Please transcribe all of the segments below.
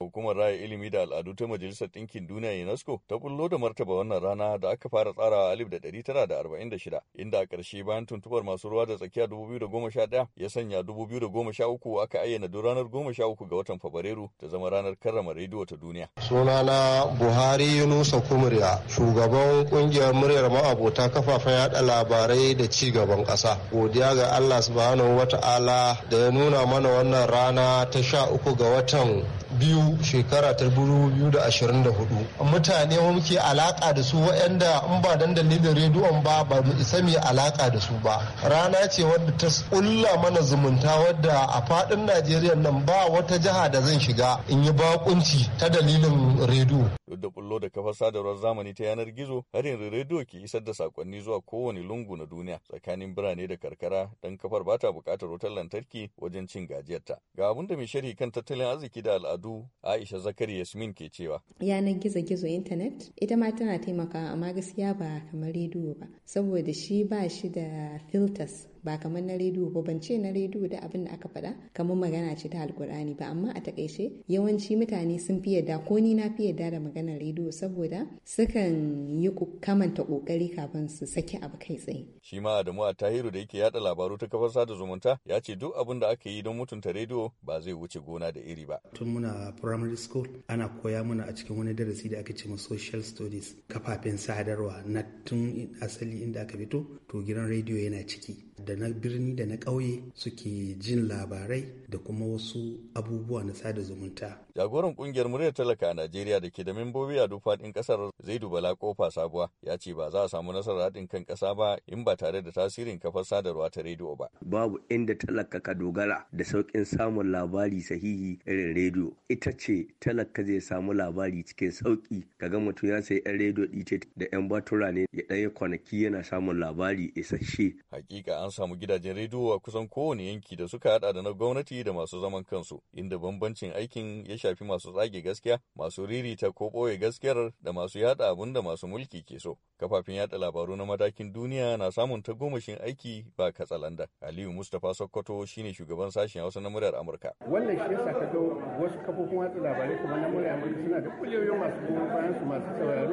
Hukumar Raya Ilimi da Al'adu ta Majalisar Ɗinkin Duniya UNESCO ta bullo da martaba wannan rana da aka fara tsara a shida inda a ƙarshe bayan tuntubar masu ruwa da tsakiya 2011 ya sanya 2013 aka ayyana duk ranar 13 ga watan Fabrairu ta zama ranar karrama rediyo ta duniya. Sunana Buhari Yunusa Kumriya, shugaban ƙungiyar muryar ma'abota kafafen yaɗa labarai da ci gaban ƙasa. Godiya ga Allah subhanahu wata'ala da ya nuna mana wannan rana ta sha 13 ga watan biyu biyu shekara ta hudu mutane wa muke alaka da su waɗanda in ba dan dalilin rediyon ba ba mu isa mu alaka da su ba rana ce wadda ta kulla mana zumunta wadda a fadin najeriya nan ba wata jiha da zan shiga in yi bakunci ta dalilin rediyo duk da bullo da kafar sadarwar zamani ta yanar gizo har yanzu rediyo ke isar da sakonni zuwa kowane lungu na duniya tsakanin birane da karkara don kafar bata ta buƙatar wutar lantarki wajen cin gajiyarta ga abin da mai sharhi kan tattalin arziki da al'adu aisha zakari yasmin ke cewa yanar gizo gizo intanet ita ma tana taimakawa amma gaskiya ba kamar rediyo ba saboda shi ba shi da filters ba kamar na rediyo ba ban ce na rediyo da abin da aka faɗa kamar magana ce ta alkur'ani ba amma a takaice yawanci mutane sun fi yadda ko ni na fi yadda da maganar rediyo saboda sukan yi kamanta kokari kafin su saki abu kai tsaye shi ma Adamu a Tahiru da yake yada labaru ta kafar sada zumunta ya ce duk abin da aka yi don mutunta rediyo ba zai wuce gona da iri ba tun muna primary school ana koya mana a cikin wani darasi da aka ce ma social studies kafafen sadarwa na tun asali inda aka fito to gidan rediyo yana ciki da na birni da na ƙauye suke jin labarai da kuma wasu abubuwa na sada zumunta. Jagoran kungiyar muryar talaka a Najeriya da ke da membobi a duk faɗin ƙasar zai Bala Kofa Sabuwa ya ce ba za a samu nasarar haɗin kan ƙasa ba in ba tare da tasirin kafar sadarwa ta rediyo ba. Babu inda talaka ka dogara da sauƙin samun labari sahihi irin rediyo. Ita ce talaka zai samu labari cikin sauƙi ka ga mutum ya sayi 'yan rediyo ɗite da 'yan batura ne ya ɗaya kwanaki yana samun labari isasshe. Hakika an samu gidajen rediyo a kusan kowane yanki da suka hada da na gwamnati da masu zaman kansu, inda bambancin aikin ya shafi masu tsage gaskiya, masu ririta ko ɓoye gaskiyar da masu yada abinda masu mulki ke so. Kafafen yada labaru na matakin duniya na samun ta tagomashin aiki ba katsalanda. Aliyu Mustapha Sokoto shine shugaban sashen Hausa na muryar Amurka. Wannan shi yasa ka ga wasu kafofin watsa labarai kuma na muryar Amurka suna da kuliyoyin masu goyon bayan su masu sauraro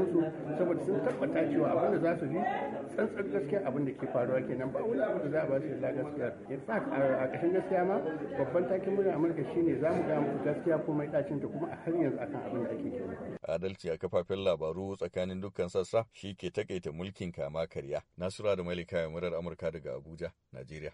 saboda sun tabbata cewa abin da za su ji tsantsan gaskiya abin da ke faruwa kenan ba wani abu da za a ba su illa gaskiya in fact a ƙashin gaskiya ma babban takin murna amurka shine za mu ga gaskiya ko mai ɗacin ta kuma a har yanzu akan abin da ake kenan adalci a kafafen labaru tsakanin dukkan sassa shi ke takaita mulkin kama karya nasura da malika murar amurka daga abuja najeriya